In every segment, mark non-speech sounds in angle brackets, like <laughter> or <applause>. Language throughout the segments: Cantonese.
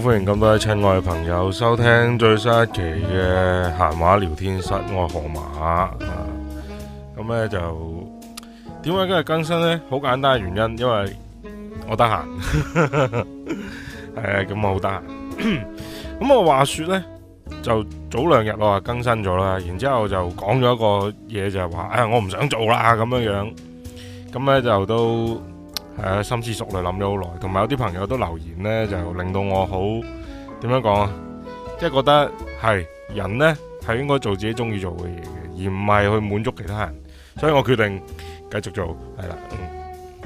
歡迎咁多位親愛嘅朋友收聽最新一期嘅閒話聊天室，我係河馬咁咧、啊、就點解今日更新咧？好簡單嘅原因，因為我得閒。咁 <laughs> 我好得閒。咁我 <coughs> 話說咧，就早兩日我話更新咗啦，然之後就講咗一個嘢就係、是、話，唉、哎，我唔想做啦咁樣樣。咁咧就都。係啊，深思熟慮諗咗好耐，同埋有啲朋友都留言呢，就令到我好點樣講啊？即係覺得係人呢係應該做自己中意做嘅嘢嘅，而唔係去滿足其他人。所以我決定繼續做係啦。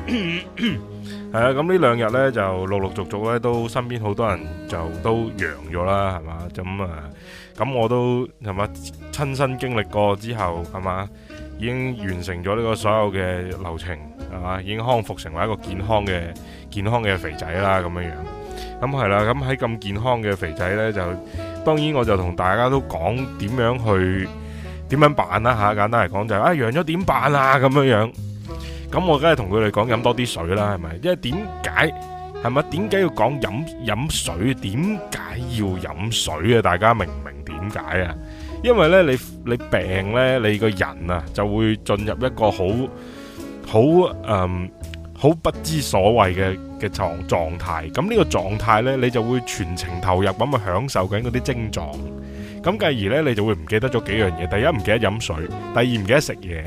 係啊，咁呢兩日呢就陸陸續續呢都身邊好多人就都陽咗啦，係嘛？咁啊，咁我都係嘛？親身經歷過之後係嘛？已經完成咗呢個所有嘅流程。係嘛，已經康復成為一個健康嘅健康嘅肥仔啦，咁樣樣，咁係啦，咁喺咁健康嘅肥仔呢，就當然我就同大家都講點樣去點樣辦啦、啊、吓，簡單嚟講就啊、是，陽咗點辦啊，咁樣樣，咁、嗯、我梗係同佢哋講飲多啲水啦，係咪？因為點解係咪？點解要講飲飲水？點解要飲水啊？大家明唔明點解啊？因為呢，你你病呢，你個人啊就會進入一個好。好誒，好、嗯、不知所謂嘅嘅狀狀態，咁呢個狀態呢，你就會全程投入咁去享受緊嗰啲症狀，咁繼而呢，你就會唔記得咗幾樣嘢，第一唔記得飲水，第二唔記得食嘢，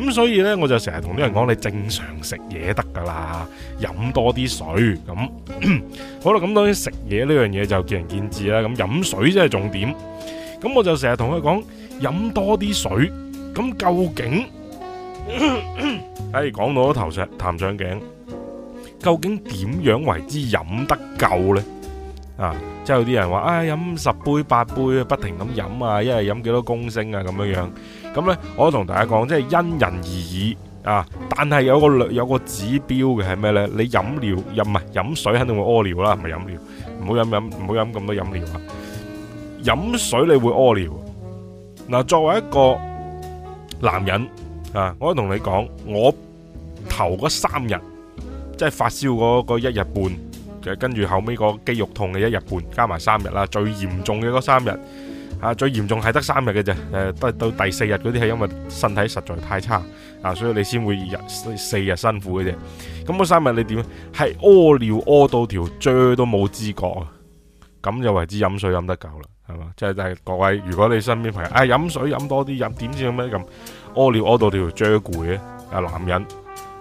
咁所以呢，我就成日同啲人講，你正常食嘢得噶啦，飲多啲水，咁 <coughs> 好啦，咁當然食嘢呢樣嘢就見仁見智啦，咁飲水即係重點，咁我就成日同佢講飲多啲水，咁究竟，唉，講 <coughs> 到頭上彈上頸，究竟點樣為之飲得夠呢？啊，即係有啲人話，唉、哎，飲十杯八杯，不停咁飲啊，一係飲幾多公升啊，咁樣樣。咁呢，我同大家講，即係因人而異啊。但係有個有個指標嘅係咩呢？你飲尿飲唔係飲水，肯定會屙尿啦，唔係飲料，唔好飲飲唔好飲咁多飲料啊。飲水你會屙尿。嗱、啊，作為一個男人。啊！我同你講，我頭嗰三日即係發燒嗰嗰一日半，就跟住後尾個肌肉痛嘅一日半，加埋三日啦，最嚴重嘅嗰三日吓，最嚴重係得三日嘅啫。誒，到到第四日嗰啲係因為身體實在太差啊，所以你先會日四日辛苦嘅啫。咁嗰三日你點？係屙尿屙到條啫都冇知覺啊！咁就為之飲水飲得夠啦，係嘛？即係就係、是、各位，如果你身邊朋友啊，飲、哎、水飲多啲，飲點知咁樣咁。屙尿屙到條脊攰嘅，啊男人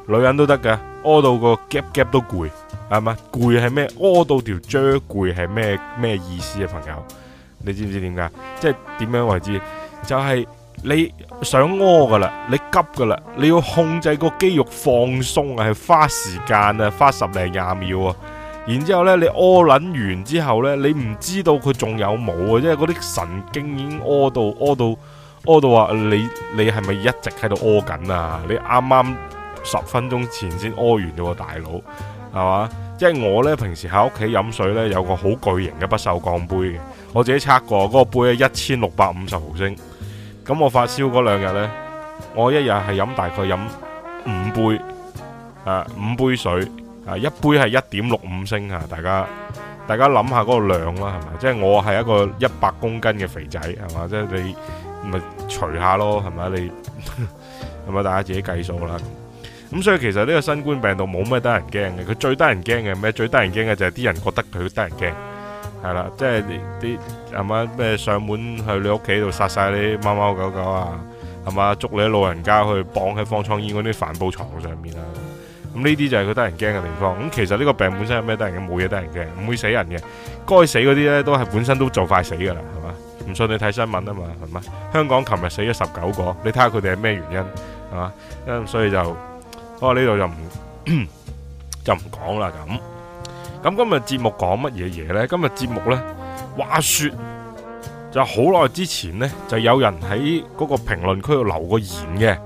女人都得嘅，屙到個夾夾都攰，係咪？攰係咩？屙到條脊攰係咩咩意思啊？朋友，你知唔知點解？即係點樣為之？就係、是、你想屙噶啦，你急噶啦，你要控制個肌肉放鬆係花時間啊，花十零廿秒啊。然之後咧，你屙捻完之後咧，你唔知道佢仲有冇啊，即係嗰啲神經已經屙到屙到。屙到話你，你係咪一直喺度屙緊啊？你啱啱十分鐘前先屙完咗個大佬，係嘛？即係我呢平時喺屋企飲水呢，有個好巨型嘅不鏽鋼杯嘅，我自己測過嗰個杯咧一千六百五十毫升。咁我發燒嗰兩日呢，我一日係飲大概飲五杯，誒，五杯水，誒一杯係一點六五升啊！大家大家諗下嗰個量啦，係咪？即係我係一個一百公斤嘅肥仔，係嘛？即係你。咪除下咯，係咪你係咪 <laughs> 大家自己計數啦？咁，所以其實呢個新冠病毒冇咩得人驚嘅，佢最得人驚嘅咩？最得人驚嘅就係、是、啲人覺得佢得人驚，係啦，即係啲係嘛咩上門去你屋企度殺晒啲貓貓狗狗啊，係嘛捉你老人家去綁喺方艙醫院嗰啲帆布床上面啊，咁呢啲就係佢得人驚嘅地方。咁其實呢個病本身有咩得人驚？冇嘢得人驚，唔會死人嘅，該死嗰啲咧都係本身都就快死噶啦，係嘛。唔信你睇新聞啊嘛，係咪香港琴日死咗十九個？你睇下佢哋係咩原因係嘛？所以就，所以就不過呢度就唔就唔講啦咁。咁今日節目講乜嘢嘢呢？今日節目呢，話説就好耐之前呢，就有人喺嗰個評論區度留過言嘅，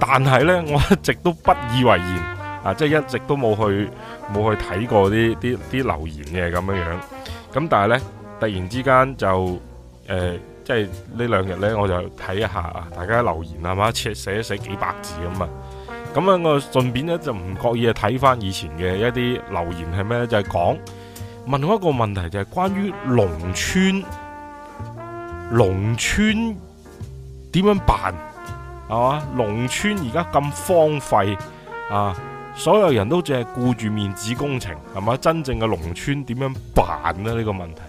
但係呢，我一直都不以為然啊，即係一直都冇去冇去睇過啲啲啲留言嘅咁樣樣。咁但係呢，突然之間就。誒、呃，即係呢兩日咧，我就睇一下啊，大家留言啊嘛，寫寫一寫幾百字咁啊，咁啊，咁我順便咧就唔覺意啊睇翻以前嘅一啲留言係咩咧，就係、是、講問我一個問題，就係關於農村，農村點樣辦係嘛？農村而家咁荒廢啊，所有人都淨係顧住面子工程係嘛？真正嘅農村點樣辦咧呢、呢個問題？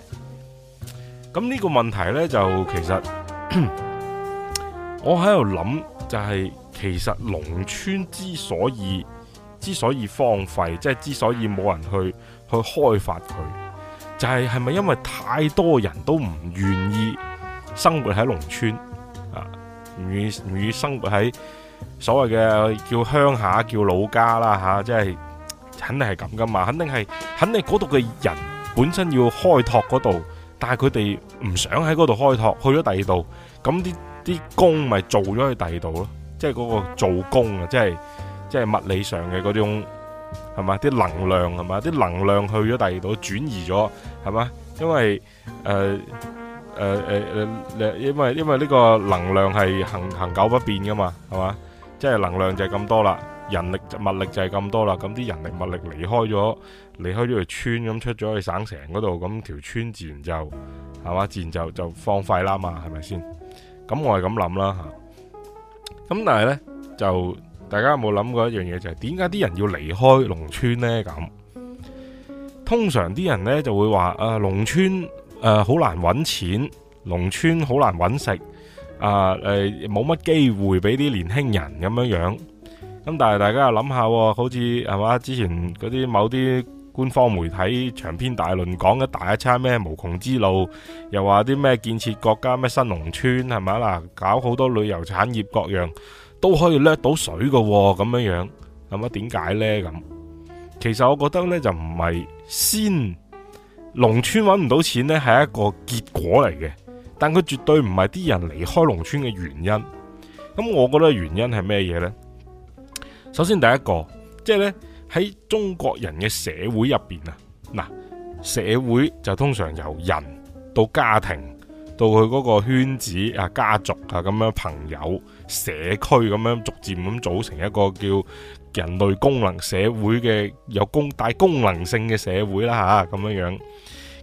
咁呢個問題呢，就其實 <coughs> 我喺度諗，就係、是、其實農村之所以之所以荒廢，即、就、係、是、之所以冇人去去開發佢，就係係咪因為太多人都唔願意生活喺農村啊？唔願意，唔願意生活喺所謂嘅叫鄉下、叫老家啦吓，即、啊、係、就是、肯定係咁噶嘛？肯定係肯定嗰度嘅人本身要開拓嗰度。但係佢哋唔想喺嗰度開拓，去咗第二度，咁啲啲工咪做咗去第二度咯，即係嗰個做工啊，即係即係物理上嘅嗰種係嘛，啲能量係嘛，啲能量去咗第二度轉移咗係嘛，因為誒誒誒誒，誒、呃呃呃呃、因為因為呢個能量係恒恒久不變噶嘛，係嘛，即係能量就係咁多啦。人力物力就係咁多啦，咁啲人力物力離開咗，離開咗條村咁出咗去省城嗰度，咁條村自然就係嘛，自然就就荒廢啦嘛，係咪先？咁我係咁諗啦嚇。咁但係呢，就大家有冇諗過一樣嘢就係點解啲人要離開農村呢？咁通常啲人呢就會話啊、呃，農村誒好、呃、難揾錢，農村好難揾食，啊誒冇乜機會俾啲年輕人咁樣樣。咁但係大家又諗下，好似係嘛？之前嗰啲某啲官方媒體長篇大論講一大一餐咩無窮之路，又話啲咩建設國家咩新農村係咪嗱，搞好多旅遊產業各樣都可以掠到水噶咁樣樣，係咪點解呢？咁其實我覺得呢，就唔係先農村揾唔到錢呢係一個結果嚟嘅，但佢絕對唔係啲人離開農村嘅原因。咁我覺得原因係咩嘢呢？首先第一個，即係咧喺中國人嘅社會入邊啊，嗱，社會就通常由人到家庭，到佢嗰個圈子啊、家族啊咁樣朋友、社區咁樣，逐漸咁組成一個叫人類功能社會嘅有功帶功能性嘅社會啦吓，咁樣樣。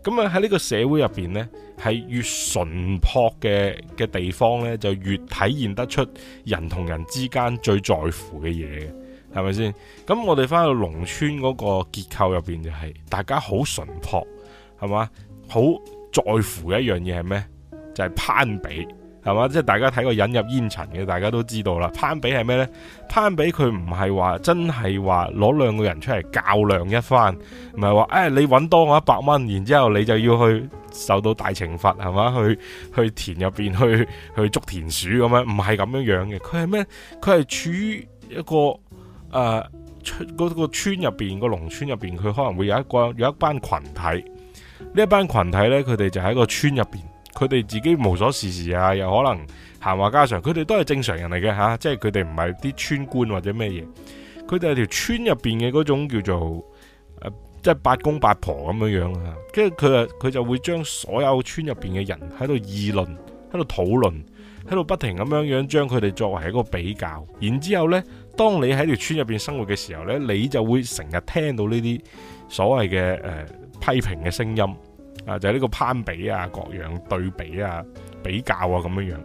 咁啊喺呢個社會入邊呢，係越純樸嘅嘅地方呢，就越體現得出人同人之間最在乎嘅嘢。係咪先？咁我哋翻去農村嗰個結構入面，就係，就係大家好淳樸，係嘛？好在乎嘅一樣嘢係咩？就係攀比，係嘛？即係大家睇個引入煙塵嘅，大家都知道啦。攀比係咩呢？攀比佢唔係話真係話攞兩個人出嚟較量一番，唔係話誒你揾多我一百蚊，然之後你就要去受到大懲罰，係嘛？去去田入面去去捉田鼠咁樣，唔係咁樣樣嘅。佢係咩？佢係處於一個。誒、呃、村、嗰個村入邊、嗰個農村入邊，佢可能會有一個有一班群，群體，呢一班群體呢，佢哋就喺個村入邊，佢哋自己無所事事啊，又可能閒話家常，佢哋都係正常人嚟嘅嚇，即係佢哋唔係啲村官或者咩嘢，佢哋係條村入邊嘅嗰種叫做即係、啊即係、八公八婆咁樣樣嚇，跟住佢啊，佢就會將所有村入邊嘅人喺度議論，喺度討論，喺度不停咁樣樣將佢哋作為一個比較，然之後呢。當你喺條村入邊生活嘅時候呢，你就會成日聽到呢啲所謂嘅誒、呃、批評嘅聲音，啊就係、是、呢個攀比啊、各樣對比啊、比較啊咁樣樣。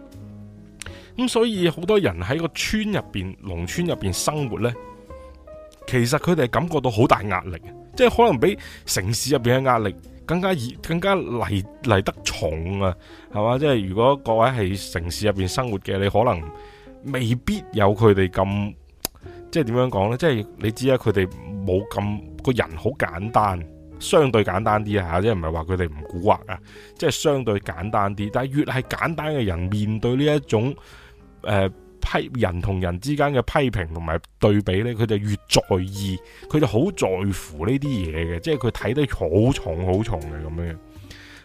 咁所以好多人喺個村入邊、農村入邊生活呢，其實佢哋感覺到好大壓力，即係可能比城市入邊嘅壓力更加更加嚟嚟得重啊，係嘛？即係如果各位係城市入邊生活嘅，你可能未必有佢哋咁。即係點樣講呢？即係你知啦、啊，佢哋冇咁個人好簡單，相對簡單啲啊，即係唔係話佢哋唔蠱惑啊？即係相對簡單啲，但係越係簡單嘅人，面對呢一種誒、呃、批人同人之間嘅批評同埋對比呢，佢就越在意，佢就好在乎呢啲嘢嘅，即係佢睇得好重好重嘅咁樣。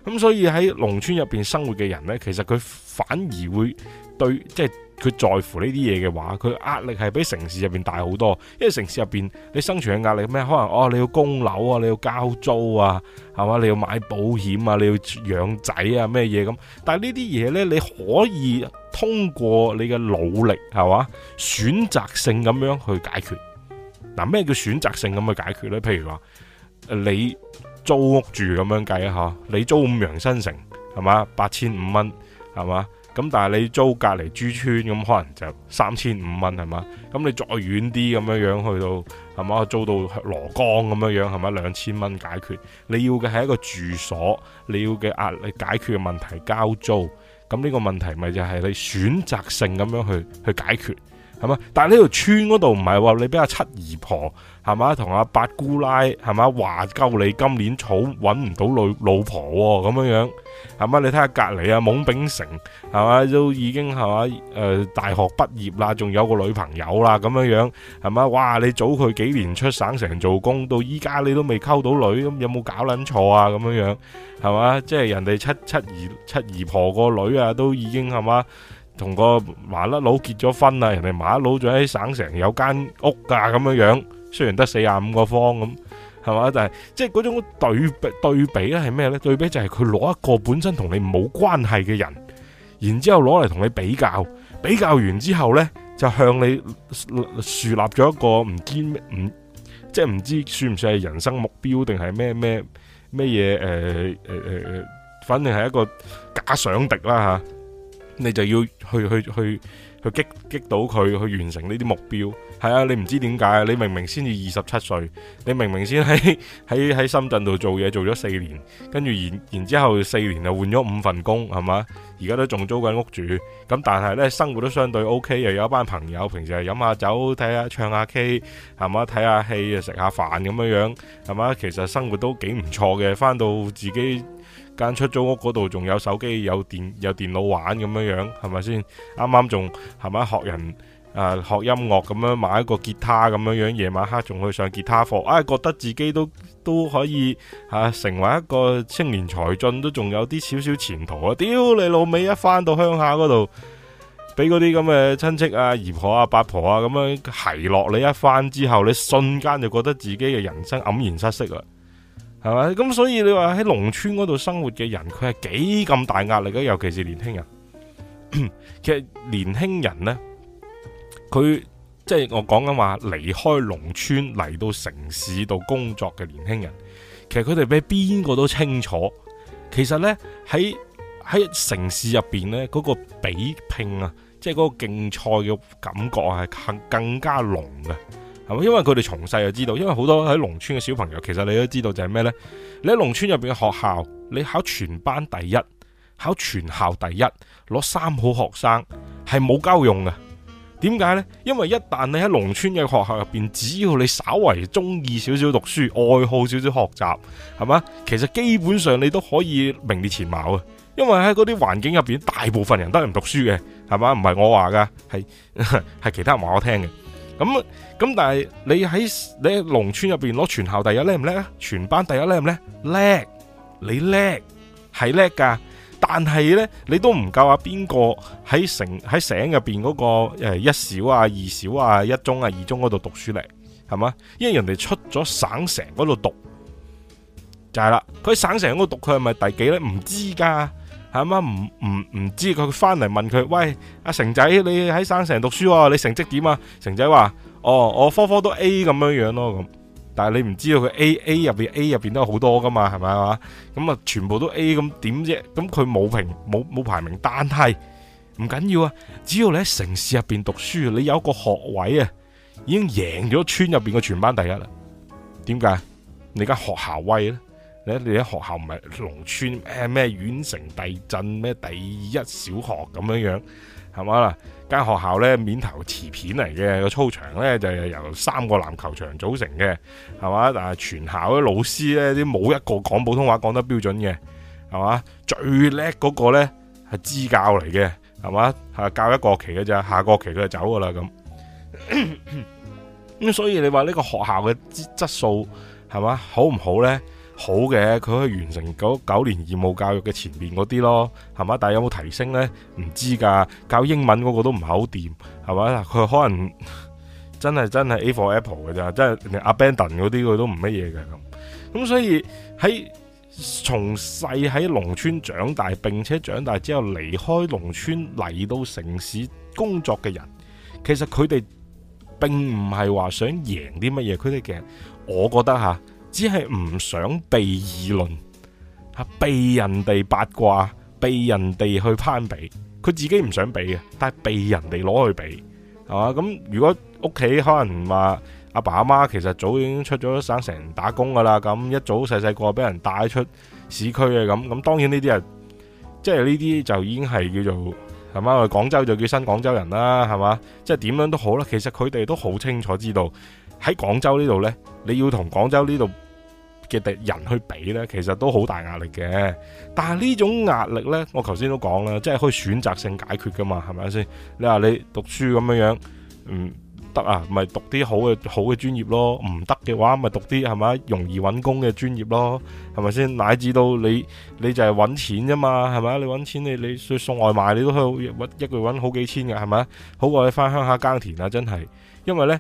咁所以喺農村入邊生活嘅人呢，其實佢反而會對即係。佢在乎呢啲嘢嘅話，佢壓力係比城市入邊大好多，因為城市入邊你生存嘅壓力咩？可能哦，你要供樓啊，你要交租啊，係嘛，你要買保險啊，你要養仔啊，咩嘢咁？但係呢啲嘢呢，你可以通過你嘅努力，係嘛，選擇性咁樣去解決。嗱、啊，咩叫選擇性咁去解決呢？譬如話，你租屋住咁樣計下，嗬，你租五羊新城，係嘛，八千五蚊，係嘛？咁但係你租隔籬朱村咁可能就三千五蚊係嘛，咁你再遠啲咁樣樣去到係嘛租到羅崗咁樣樣係嘛兩千蚊解決，你要嘅係一個住所，你要嘅壓力解決嘅問題交租，咁呢個問題咪就係你選擇性咁樣去去解決係嘛？但係呢條村嗰度唔係話你俾阿七姨婆係嘛同阿八姑奶係嘛話夠你今年草揾唔到女老婆咁、哦、樣樣。係嘛？你睇下隔籬啊，懵炳成，係嘛都已經係嘛誒，大學畢業啦，仲有個女朋友啦，咁樣樣係嘛？哇！你早佢幾年出省城做工，到依家你都未溝到女，咁有冇搞捻錯啊？咁樣樣係嘛？即係人哋七七二七二婆個女啊，都已經係嘛同個麻甩佬結咗婚啦，人哋麻甩佬仲喺省城有間屋噶，咁樣樣雖然得四十五個方咁。係嘛？就係、係、即係嗰種對比對比咧，係咩咧？對比就係佢攞一個本身同你冇關係嘅人，然之後攞嚟同你比較，比較完之後咧，就向你樹立咗一個唔堅唔即係唔知算唔算係人生目標定係咩咩咩嘢？誒誒誒，反正係一個假想敵啦吓，你就要去去去去激，激到佢去完成呢啲目標。係啊，你唔知點解啊？你明明先至二十七歲，你明明先喺喺喺深圳度做嘢做咗四年，跟住然然之後四年又換咗五份工，係嘛？而家都仲租緊屋住，咁但係呢，生活都相對 OK，又有一班朋友，平時係飲下酒、睇下唱下 K，係嘛？睇下戲又食下飯咁樣樣，係嘛？其實生活都幾唔錯嘅。翻到自己間出租屋嗰度，仲有手機、有電、有電腦玩咁樣樣，係咪先？啱啱仲係咪？學人。啊！學音樂咁樣買一個吉他咁樣樣，夜晚黑仲去上吉他課，啊，覺得自己都都可以吓、啊、成為一個青年才俊，都仲有啲少少前途啊！屌你老味，一翻到鄉下嗰度，俾嗰啲咁嘅親戚啊、姨婆啊、八婆啊咁樣奚落你一番之後，你瞬間就覺得自己嘅人生黯然失色啦，係咪？咁所以你話喺農村嗰度生活嘅人，佢係幾咁大壓力嘅、啊，尤其是年輕人。 <coughs> 其實年輕人呢。佢即係我講緊話，離開農村嚟到城市度工作嘅年輕人，其實佢哋比邊個都清楚。其實呢，喺喺城市入邊呢，嗰個比拼啊，即係嗰個競賽嘅感覺啊，係更更加濃嘅，係咪？因為佢哋從細就知道，因為好多喺農村嘅小朋友，其實你都知道就係咩呢？你喺農村入邊嘅學校，你考全班第一，考全校第一，攞三好學生係冇交用嘅。點解呢？因為一旦你喺農村嘅學校入邊，只要你稍為中意少少讀書，愛好少少學習，係嘛？其實基本上你都可以名列前茅啊！因為喺嗰啲環境入邊，大部分人都係唔讀書嘅，係嘛？唔係我話噶，係係 <laughs> 其他人話我聽嘅。咁咁，但係你喺你喺農村入邊攞全校第一叻唔叻啊？全班第一叻唔叻？叻，你叻係叻噶。但係呢，你都唔夠啊。邊個喺城喺省入邊嗰個誒，一小啊、二小啊、一中啊、二中嗰度讀書嚟，係嘛？因為人哋出咗省城嗰度讀，就係啦。佢喺省城嗰度讀，佢係咪第幾呢？唔知噶，係嘛？唔唔唔知佢，翻嚟問佢，喂，阿成仔，你喺省城讀書啊？你成績點啊？成仔話：哦，我科科都 A 咁樣樣咯，咁。但係你唔知道佢 A A 入邊 A 入邊都有好多噶嘛，係咪啊？咁啊，全部都 A 咁點啫？咁佢冇評冇冇排名，但係唔緊要啊！只要你喺城市入邊讀書，你有一個學位啊，已經贏咗村入邊嘅全班第一啦！點解？你而家學校威咧？你你喺學校唔係農村誒咩？縣城地震咩第一小學咁樣樣，係咪啦？間學校咧，面頭瓷片嚟嘅個操場咧，就係由三個籃球場組成嘅，係嘛？但係全校啲老師咧，啲冇一個講普通話講得標準嘅，係嘛？最叻嗰個咧係支教嚟嘅，係嘛？係教一個學期嘅咋，下個學期佢就走噶啦咁。咁咳咳所以你話呢個學校嘅質質素係嘛好唔好咧？好嘅，佢可以完成九，九年義務教育嘅前面嗰啲咯，係嘛？但係有冇提升呢？唔知㗎。教英文嗰個都唔係好掂，係咪？佢可能呵呵真係真係 A for Apple 㗎咋，真係連 Abandon 嗰啲佢都唔乜嘢嘅咁。咁所以喺從細喺農村長大，並且長大之後離開農村嚟到城市工作嘅人，其實佢哋並唔係話想贏啲乜嘢，佢哋嘅，我覺得吓。只係唔想被議論吓，被人哋八卦，被人哋去攀比，佢自己唔想比嘅，但係被人哋攞去比，係嘛？咁如果屋企可能話阿爸阿媽，其實早已經出咗省城打工噶啦，咁一早細細個俾人帶出市區呀咁，咁當然呢啲呀，即係呢啲就已經係叫做係嘛？我哋廣州就叫新廣州人啦，係嘛？即係點樣都好啦，其實佢哋都好清楚知道喺廣州呢度呢，你要同廣州呢度嘅人去比咧，其實都好大壓力嘅。但係呢種壓力咧，我頭先都講啦，即係可以選擇性解決噶嘛，係咪先？你話你讀書咁樣樣唔得啊，咪讀啲好嘅好嘅專業咯；唔得嘅話，咪讀啲係咪容易揾工嘅專業咯，係咪先？乃至到你你就係揾錢啫嘛，係咪？你揾錢你你送送外賣，你都可以一個月揾好幾千嘅，係咪？好過你翻鄉下耕田啊！真係，因為咧。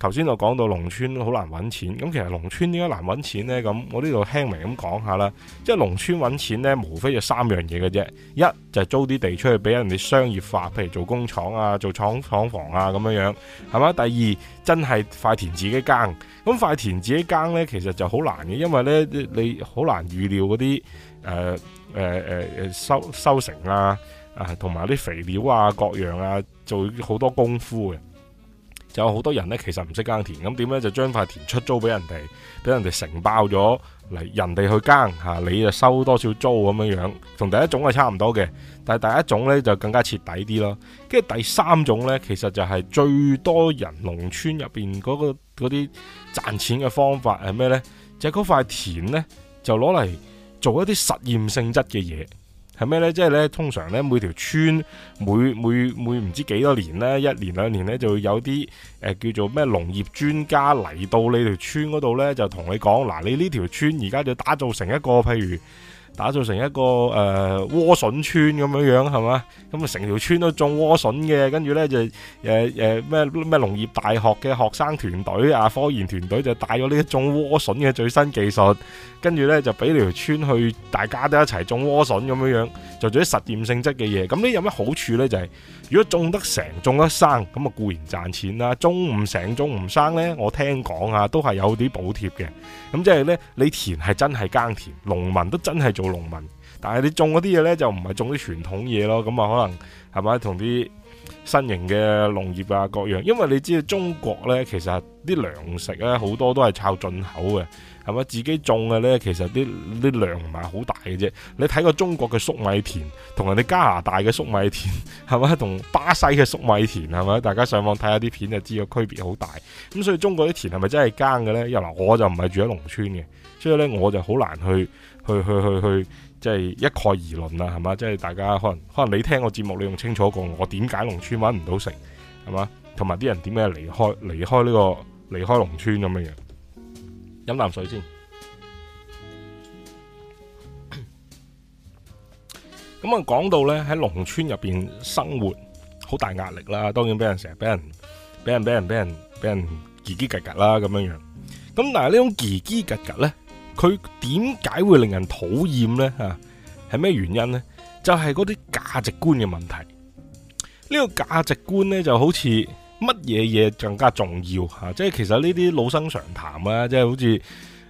頭先我講到農村好難揾錢，咁其實農村點解難揾錢咧？咁我呢度輕微咁講下啦，即係農村揾錢咧，無非就三樣嘢嘅啫，一就係、租啲地出去俾人哋商業化，譬如做工廠啊、做廠廠房啊咁樣樣，係嘛？第二真係塊田自己耕，咁塊田自己耕咧，其實就好難嘅，因為咧你好難預料嗰啲誒誒誒誒收收成啦，啊，同埋啲肥料啊各樣啊，做好多功夫嘅。就有好多人咧，其實唔識耕田咁點咧，就將塊田出租俾人哋，俾人哋承包咗嚟人哋去耕嚇，你就收多少租咁樣，同第一種係差唔多嘅，但係第一種咧就更加徹底啲咯。跟住第三種咧，其實就係最多人農村入面嗰啲賺錢嘅方法係咩咧？就係嗰塊田咧就攞嚟做一啲實驗性質嘅嘢。係咩咧？即係咧，通常咧每條村每每每唔知幾多年咧，一年兩年咧就會有啲、呃、叫做咩農業專家嚟到你條村嗰度咧，就同你講嗱，你呢條村而家就打造成一個譬如。打造成一個誒萵筍村咁樣樣係嘛，咁啊成條村都種萵筍嘅，跟住呢就誒誒咩咩農業大學嘅學生團隊啊，科研團隊就帶咗呢一種萵筍嘅最新技術，跟住呢就俾條村去，大家都一齊種萵筍咁樣樣，就做啲實驗性質嘅嘢。咁呢有咩好處呢？就係、是。如果種得成，種得生，咁啊固然賺錢啦。種唔成，種唔生呢，我聽講啊，都係有啲補貼嘅。咁即係呢，你田係真係耕田，農民都真係做農民。但係你種嗰啲嘢呢，就唔係種啲傳統嘢咯。咁啊，可能係咪同啲新型嘅農業啊各樣？因為你知道中國呢，其實啲糧食呢，好多都係靠進口嘅。係自己種嘅呢，其實啲啲量唔係好大嘅啫。你睇個中國嘅粟米田，同人哋加拿大嘅粟米田，係嘛，同巴西嘅粟米田，係嘛，大家上網睇下啲片就知個區別好大。咁所以中國啲田係咪真係耕嘅呢？又嗱，我就唔係住喺農村嘅，所以呢，我就好難去去去去去即係一概而論啦，係嘛？即係大家可能可能你聽個節目你仲清楚過我，點解農村揾唔到食係嘛？同埋啲人點解離開離開呢個離開農村咁樣樣？飲啖水先。咁啊，講 <coughs> 到咧喺農村入邊生活，好大壓力啦。當然俾人成日俾人俾人俾人俾人俾人嘰嘰格格啦咁樣樣。咁但係呢種嘰嘰格格咧，佢點解會令人討厭咧？吓係咩原因咧？就係嗰啲價值觀嘅問題。呢個價值觀咧就好似。乜嘢嘢更加重要嚇、啊？即係其實呢啲老生常談啊，即係好似誒、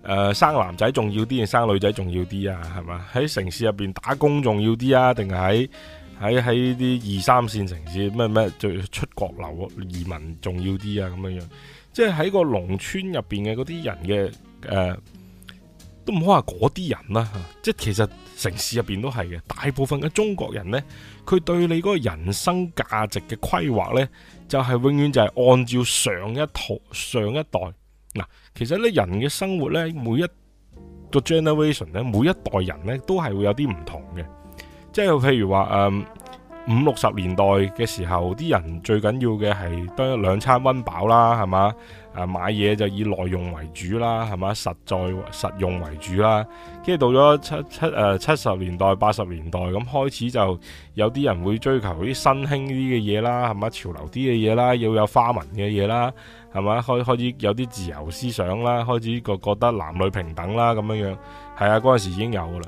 呃、生男仔重要啲定生女仔重要啲啊？係嘛？喺城市入邊打工重要啲啊？定係喺喺喺啲二三線城市咩咩就出國流移民重要啲啊？咁樣樣，即係喺個農村入邊嘅嗰啲人嘅誒。呃唔好話嗰啲人啦，即係其實城市入邊都係嘅，大部分嘅中國人呢，佢對你嗰個人生價值嘅規劃呢，就係、是、永遠就係按照上一套上一代。嗱，其實呢，人嘅生活呢，每一個 generation 呢，每一代人呢，都係會有啲唔同嘅。即係譬如話誒五六十年代嘅時候，啲人最緊要嘅係得兩餐溫飽啦，係嘛？啊！買嘢就以耐用為主啦，係嘛？實在實用為主啦。跟住到咗七七誒、呃、七十年代、八十年代咁開始，就有啲人會追求啲新興啲嘅嘢啦，係嘛？潮流啲嘅嘢啦，要有花紋嘅嘢啦，係嘛？開開始有啲自由思想啦，開始覺覺得男女平等啦咁樣樣。係啊，嗰陣時已經有噶啦。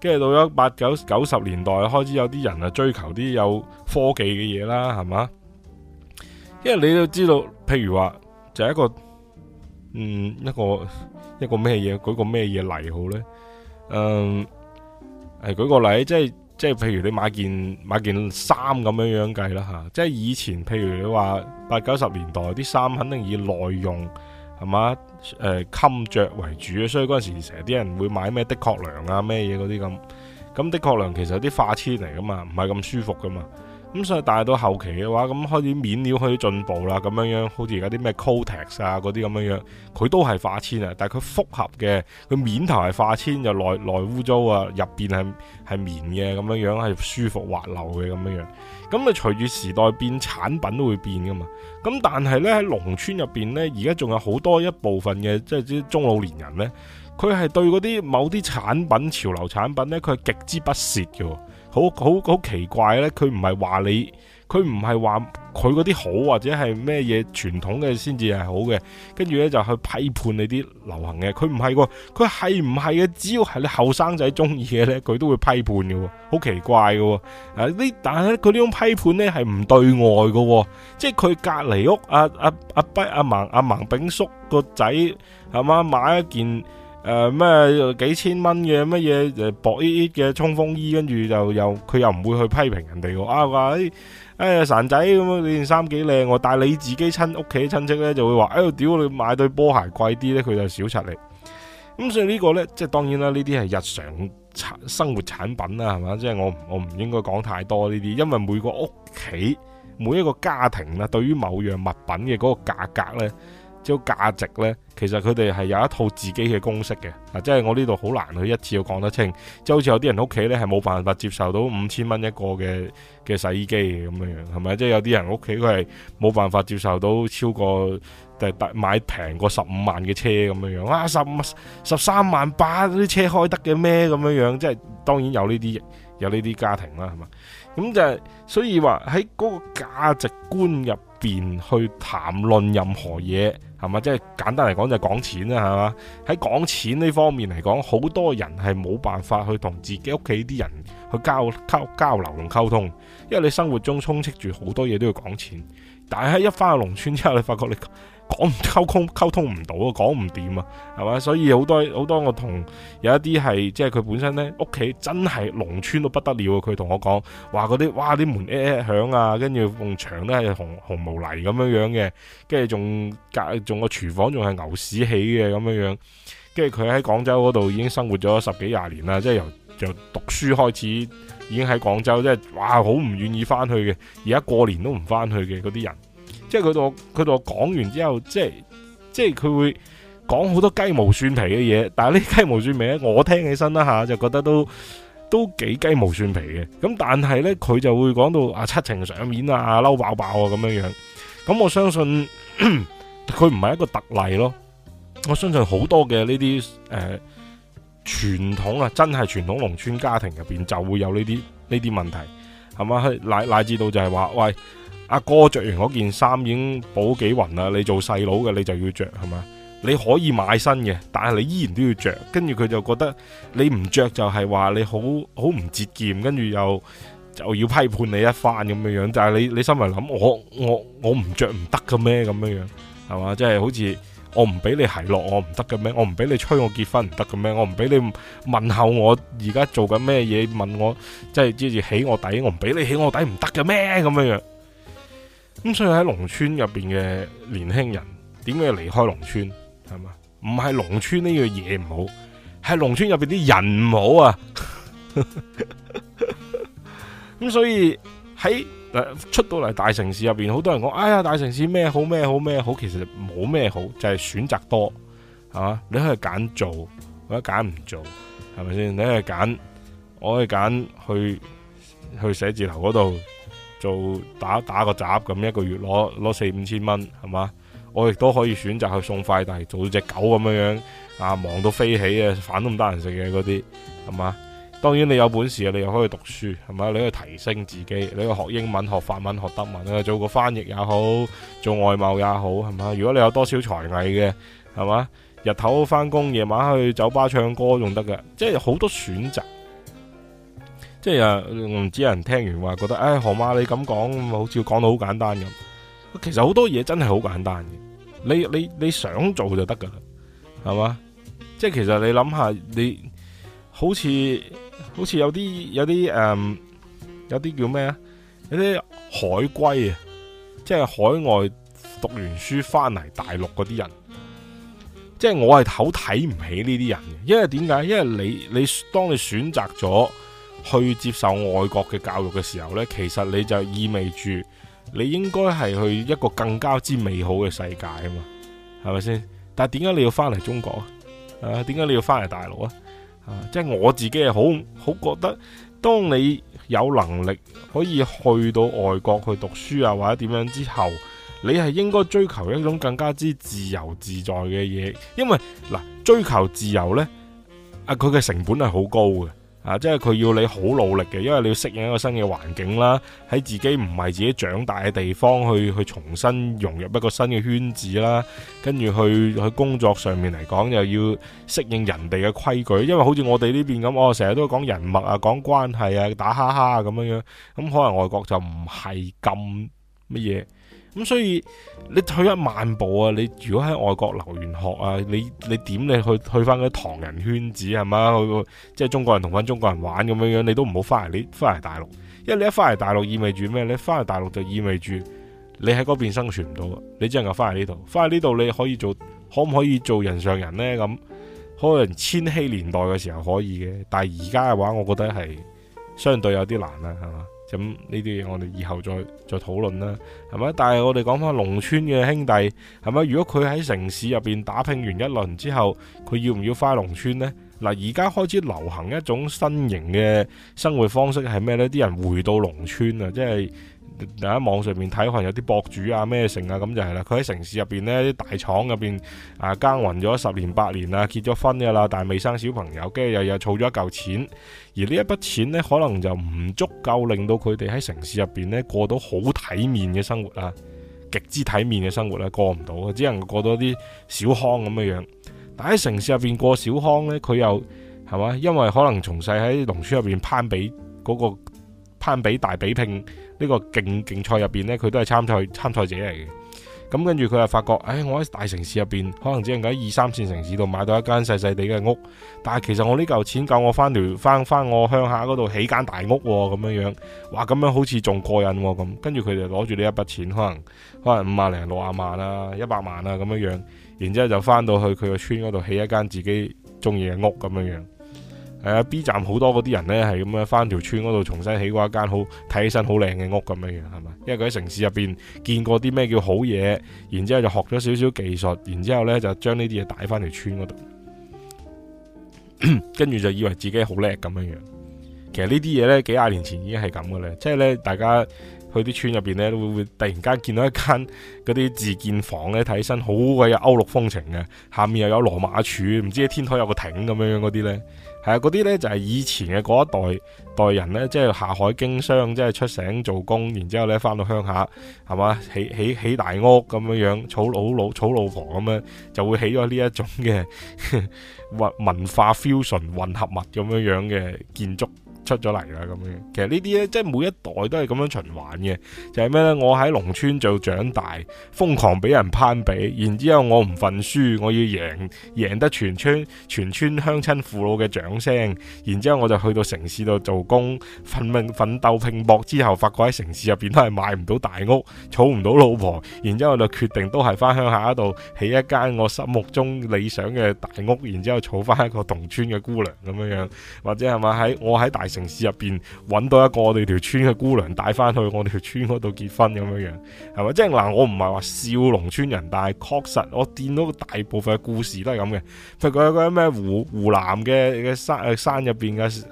跟住到咗八九九十年代，開始有啲人啊追求啲有科技嘅嘢啦，係嘛？因為你都知道，譬如話。就係、一個，嗯，一個一個咩嘢？舉個咩嘢例好咧？嗯，係舉個例，即係即係，譬如你買件買件衫咁樣樣計啦吓。即係以前，譬如你話八九十年代啲衫，肯定以用、呃、耐用係嘛？誒，襟着為主，所以嗰陣時成日啲人會買咩的確良啊，咩嘢嗰啲咁。咁的確良其實有啲化纖嚟噶嘛，唔係咁舒服噶嘛。咁所以大到後期嘅話，咁開始面料開始進步啦，咁樣樣，好似而家啲咩 Cortex 啊嗰啲咁樣樣，佢都係化纖啊，但係佢複合嘅，佢面頭係化纖，就內內污糟啊，入邊係係棉嘅咁樣樣，係舒服滑溜嘅咁樣樣。咁啊隨住時代變，產品都會變噶嘛。咁但係呢，喺農村入邊呢，而家仲有好多一部分嘅即係啲中老年人呢，佢係對嗰啲某啲產品潮流產品呢，佢係極之不屑嘅。好好好奇怪咧，佢唔係話你，佢唔係話佢嗰啲好或者係咩嘢傳統嘅先至係好嘅，跟住咧就去批判你啲流行嘅，佢唔係個，佢係唔係嘅，只要係你後生仔中意嘅咧，佢都會批判嘅，好奇怪嘅，誒，呢但係咧佢呢種批判咧係唔對外嘅，即係佢隔籬屋阿阿阿跛阿盲阿盲炳叔個仔係嘛買一件。誒、呃、咩幾千蚊嘅乜嘢誒薄啲啲嘅衝鋒衣，跟住就又佢又唔會去批評人哋喎。啊話，誒誒神仔咁樣你件衫幾靚，我但係你自己親屋企親戚咧就會話誒屌你買對波鞋貴啲咧，佢就少插你。」咁所以個呢個咧即係當然啦，呢啲係日常生活產品啦，係嘛？即係我我唔應該講太多呢啲，因為每個屋企每一個家庭啦，對於某樣物品嘅嗰個價格咧。都係價值咧，其實佢哋係有一套自己嘅公式嘅，嗱、啊，即係我呢度好難去一次去講得清。即係好似有啲人屋企咧係冇辦法接受到五千蚊一個嘅嘅洗衣機咁樣樣，係咪？即係有啲人屋企佢係冇辦法接受到超過就係買平過十五萬嘅車咁樣樣。哇、啊，十五十三萬八啲車可以開得嘅咩？咁樣樣，即係當然有呢啲有呢啲家庭啦，係嘛？咁就係所以話喺嗰個價值觀入。邊去談論任何嘢，係咪？即係簡單嚟講就係講錢啦，係嘛？喺講錢呢方面嚟講，好多人係冇辦法去同自己屋企啲人去交交交流同溝通，因為你生活中充斥住好多嘢都要講錢，但係喺一翻去農村之後，你發覺你。講溝通溝通唔到啊，講唔掂啊，係嘛？所以好多好多我同有一啲係即係佢本身呢屋企真係農村都不得了啊！佢同我講話嗰啲哇啲門啞啞響啊，跟住埲牆都係紅紅毛泥咁樣樣嘅，跟住仲隔仲個廚房仲係牛屎起嘅咁樣樣，跟住佢喺廣州嗰度已經生活咗十幾廿年啦，即係由由讀書開始已經喺廣州，即係哇好唔願意返去嘅，而家過年都唔返去嘅嗰啲人。即係佢同佢同我講完之後，即係即係佢會講好多雞毛蒜皮嘅嘢，但係呢雞毛蒜皮咧，我聽起身啦吓，就覺得都都幾雞毛蒜皮嘅。咁但係咧，佢就會講到啊七情上面啊嬲爆爆啊咁樣樣。咁我相信佢唔係一個特例咯。我相信好多嘅呢啲誒傳統啊，真係傳統農村家庭入邊就會有呢啲呢啲問題，係嘛，乃乃至到就係話喂。阿哥着完嗰件衫已經補幾勻啦，你做細佬嘅你就要着係嘛？你可以買新嘅，但係你依然都要着。跟住佢就覺得你唔着就係話你好好唔節儉，跟住又就要批判你一番咁樣樣。但係你你心入面諗，我我我唔着唔得嘅咩，咁樣樣係嘛？即係好似我唔俾你奚落我唔得嘅咩？我唔俾你催我結婚唔得嘅咩？我唔俾你問候我而家做緊咩嘢？問我即係即住起我底，我唔俾你起我底唔得嘅咩？咁樣樣。咁所以喺農村入邊嘅年輕人點解要離開農村係嘛？唔係農村呢個嘢唔好，係農村入邊啲人唔好啊！咁 <laughs> 所以喺出到嚟大城市入邊，好多人講：哎呀，大城市咩好咩好咩好？其實冇咩好，就係、是、選擇多係嘛？你可以揀做，或者揀唔做，係咪先？你可以揀，我可以揀去去寫字樓嗰度。做打打個雜咁，一個月攞攞四五千蚊係嘛，我亦都可以選擇去送快遞，做隻狗咁樣樣啊，忙到飛起啊，飯都唔得閒食嘅嗰啲係嘛，當然你有本事啊，你又可以讀書係嘛，你可以提升自己，你可以學英文學法文學德文啊，做個翻譯也好，做外貿也好係嘛，如果你有多少才藝嘅係嘛，日頭翻工夜晚去酒吧唱歌仲得嘅，即係好多選擇。即係誒，唔知有人聽完話覺得誒，河馬你咁講，好似講到好簡單咁。其實好多嘢真係好簡單嘅，你你你想做就得噶啦，係嘛？即係其實你諗下，你好似好似有啲有啲誒，有啲叫咩啊？有啲海歸，即係海外讀完書翻嚟大陸嗰啲人，即係我係好睇唔起呢啲人嘅，因為點解？因為你你，你當你選擇咗。去接受外國嘅教育嘅時候呢，其實你就意味住你應該係去一個更加之美好嘅世界啊嘛，係咪先？但係點解你要翻嚟中國啊？啊，點解你要翻嚟大陸啊？即係我自己係好好覺得，當你有能力可以去到外國去讀書啊，或者點樣之後，你係應該追求一種更加之自由自在嘅嘢，因為嗱，追求自由呢，啊，佢嘅成本係好高嘅。啊！即係佢要你好努力嘅，因為你要適應一個新嘅環境啦，喺自己唔係自己長大嘅地方去去重新融入一個新嘅圈子啦，跟住去去工作上面嚟講又要適應人哋嘅規矩，因為好似我哋呢邊咁，我成日都講人脈啊、講、啊、關係啊、打哈哈啊咁樣樣，咁、嗯、可能外國就唔係咁乜嘢。咁所以你退一萬步啊！你如果喺外國留完學啊，你你點你去去翻嗰啲唐人圈子係嘛？即係中國人同翻中國人玩咁樣樣，你都唔好翻嚟。你翻嚟大陸，因為你一翻嚟大陸意味住咩？你翻嚟大陸就意味住你喺嗰邊生存唔到。你只能夠翻嚟呢度，翻嚟呢度你可以做，可唔可以做人上人呢？咁可能千禧年代嘅時候可以嘅，但係而家嘅話，我覺得係相對有啲難啦，係嘛？咁呢啲嘢我哋以後再再討論啦，係咪？但係我哋講翻農村嘅兄弟，係咪？如果佢喺城市入面打拼完一輪之後，佢要唔要返農村呢？嗱，而家開始流行一種新型嘅生活方式係咩呢？啲人回到農村啊，即係。喺網上面睇可能有啲博主啊咩城啊，咁就係啦。佢喺城市入邊呢啲大廠入邊啊，耕耘咗十年八年啊，結咗婚噶啦，但係未生小朋友，跟住又又儲咗一嚿錢。而呢一筆錢呢，可能就唔足夠令到佢哋喺城市入邊呢過到好體面嘅生活啊，極之體面嘅生活啊過唔到，只能夠過到啲小康咁嘅樣樣。但喺城市入邊過小康呢，佢又係嘛？因為可能從細喺農村入邊攀比嗰個攀比大比拼。呢、這個競競賽入面呢，佢都係參,參賽者嚟嘅。咁跟住佢就發覺，誒我喺大城市入面，可能只能夠喺二三線城市度買到一間細細地嘅屋。但係其實我呢嚿錢夠我翻條翻翻我鄉下嗰度起間大屋喎，哦，咁樣樣。哇，咁樣好似仲過癮喎，哦、咁。跟住佢就攞住呢一筆錢，可能可能五萬零六啊萬啊一百萬啊咁樣樣。然之後就翻到去佢個村嗰度起一間自己中意嘅屋咁樣樣。B 站好多嗰啲人呢，係咁樣翻條村嗰度重新起過一間好睇起身好靚嘅屋咁樣樣，係嘛？因為佢喺城市入邊見過啲咩叫好嘢，然之後就學咗少少技術，然之後咧就將呢啲嘢帶翻條村嗰度，跟住 <coughs> 就以為自己好叻咁樣樣。其實呢啲嘢呢，幾廿年前已經係咁嘅咧，即係呢，大家去啲村入邊咧，會會突然間見到一間嗰啲自建房呢？睇起身好鬼有歐陸風情嘅，下面又有羅馬柱，唔知天台有個亭咁樣樣嗰啲呢。誒、呃，嗰啲呢就係、是、以前嘅嗰一代代人呢，即係下海經商，即係出省做工，然之後呢翻到鄉下，係嘛？起起起大屋咁樣樣，娶老老娶老婆咁樣，就會起咗呢一種嘅文文化 fusion 混合物咁樣樣嘅建築。出咗嚟啦咁樣，其實呢啲呢，即係每一代都係咁樣循環嘅，就係咩呢？我喺農村做長大，瘋狂俾人攀比，然之後我唔忿輸，我要贏，贏得全村全村鄉親父老嘅掌聲，然之後我就去到城市度做工，奮命奮鬥拼搏之後，發覺喺城市入邊都係買唔到大屋，儲唔到老婆，然之後就決定都係翻鄉下嗰度起一間我心目中理想嘅大屋，然之後儲翻一個同村嘅姑娘咁樣樣，或者係咪喺我喺大？城市入邊揾到一個我哋條村嘅姑娘帶翻去我哋條村嗰度結婚咁樣樣，係咪？即係嗱，我唔係話笑農村人，但係確實我見到大部分嘅故事都係咁嘅。譬如佢嗰咩湖湖南嘅嘅山誒、啊、山入邊嘅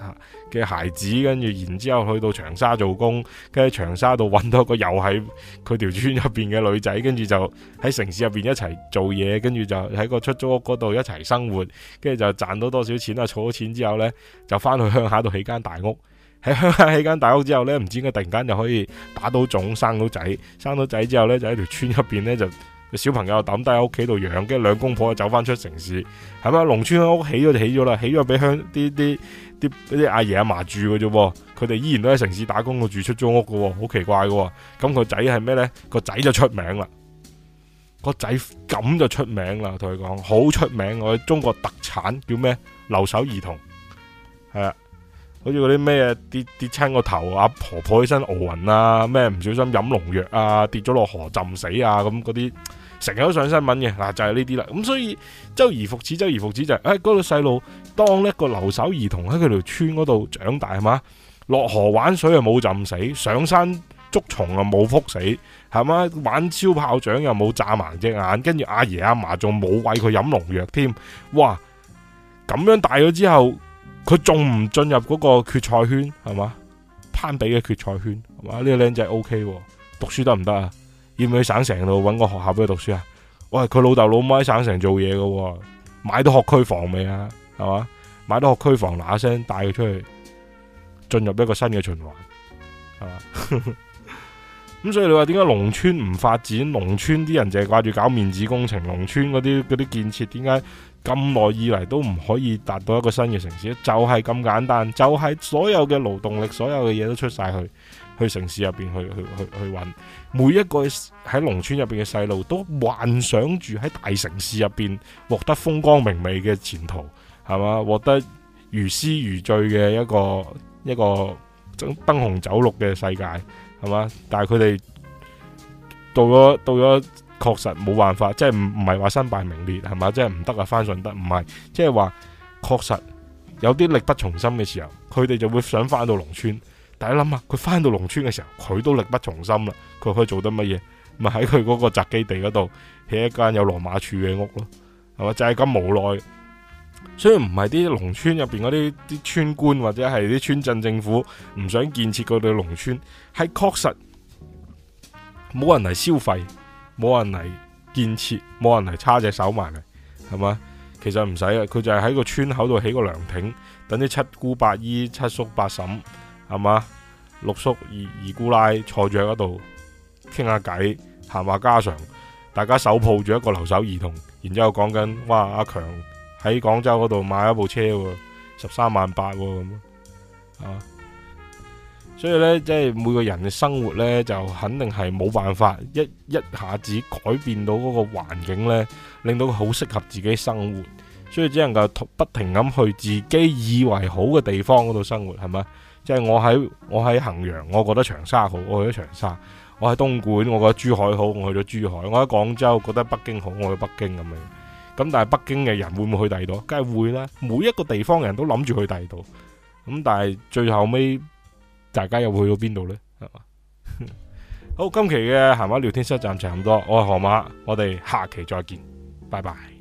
嘅孩子，跟住然之後去到長沙做工，跟住長沙度揾到個又係佢條村入邊嘅女仔，跟住就喺城市入邊一齊做嘢，跟住就喺個出租屋嗰度一齊生活，跟住就賺到多少錢啦，儲咗錢之後呢，就翻去鄉下度起間大屋。喺鄉下起間大屋之後呢，唔知點解突然間就可以打到種，生到仔，生到仔之後呢，就喺條村入邊呢，就。小朋友抌低喺屋企度養，跟住兩公婆走翻出城市，係咪？農村屋起咗就起咗啦，起咗俾鄉啲啲啲阿爺阿嫲住嘅啫。佢哋依然都喺城市打工，住出租屋嘅，好奇怪嘅。咁個仔係咩呢？個仔就出名啦，個仔咁就出名啦。同佢講好出名，我哋中國特產叫咩？留守兒童。係啊，好似嗰啲咩跌跌親個頭啊，婆婆起身頭暈啊，咩唔小心飲農藥啊，跌咗落河浸死啊，咁嗰啲。成日都上新聞嘅嗱，就係呢啲啦。咁所以周而復始，周而復始就係、是，誒、哎、嗰、那個細路當一個留守兒童喺佢條村嗰度長大係嘛，落河玩水又冇浸死，上山捉蟲又冇撲死，係嘛，玩超炮仗又冇炸盲隻眼，跟住阿爺阿嫲仲冇餵佢飲農藥添。哇，咁樣大咗之後，佢仲唔進入嗰個決賽圈係嘛？攀比嘅決賽圈係嘛？呢、這個靚仔 OK，讀書得唔得啊？要唔要去省城度揾個學校俾佢讀書啊？喂，佢老豆老母喺省城做嘢嘅，買到學區房未啊？係嘛，買到學區房嗱聲帶佢出去，進入一個新嘅循環，係嘛？咁 <laughs> 所以你話點解農村唔發展，農村啲人淨係掛住搞面子工程，農村嗰啲嗰啲建設點解咁耐以嚟都唔可以達到一個新嘅城市？就係咁簡單，就係所有嘅勞動力，所有嘅嘢都出晒去。去城市入邊去去去去揾，每一個喺農村入邊嘅細路都幻想住喺大城市入邊獲得風光明媚嘅前途，係嘛？獲得如詩如醉嘅一個一個燈燈紅酒綠嘅世界，係嘛？但係佢哋到咗到咗，確實冇辦法，即係唔唔係話身敗名裂，係嘛？即係唔得啊，翻順德唔係，即係話確實有啲力不從心嘅時候，佢哋就會想翻到農村。大家諗下，佢翻到農村嘅時候，佢都力不從心啦。佢可以做得乜嘢？咪喺佢嗰個宅基地嗰度起一間有羅馬柱嘅屋咯，係嘛？就係、係、咁無奈。雖然唔係啲農村入邊嗰啲啲村官或者係啲村鎮政、政府唔想建設佢哋農村，係確實冇人嚟消費，冇人嚟建設，冇人嚟叉隻手埋嚟，係嘛？其實唔使啊，佢就係喺個村口度起個涼亭，等啲七姑八姨、七叔八嬸。係嘛，六叔二二姑奶坐住喺嗰度傾下偈，閒話家常。大家手抱住一個留守兒童，然之後講緊哇，阿強喺廣州嗰度買一部車，十三萬八咁啊。所以呢，即係每個人嘅生活呢，就肯定係冇辦法一一下子改變到嗰個環境呢，令到佢好適合自己生活。所以只能夠不停咁去自己以為好嘅地方嗰度生活，係咪？即係我喺我喺衡陽，我覺得長沙好，我去咗長沙；我喺東莞，我覺得珠海好，我去咗珠海；我喺廣州，覺得北京好，我去北京咁樣。咁但係北京嘅人會唔會去第二度？梗係會啦，每一個地方嘅人都諗住去第二度。咁但係最後尾大家又會去到邊度呢？ <laughs> 好，今期嘅閒話聊天室暫時就咁多。我係何馬，我哋下期再見，拜拜。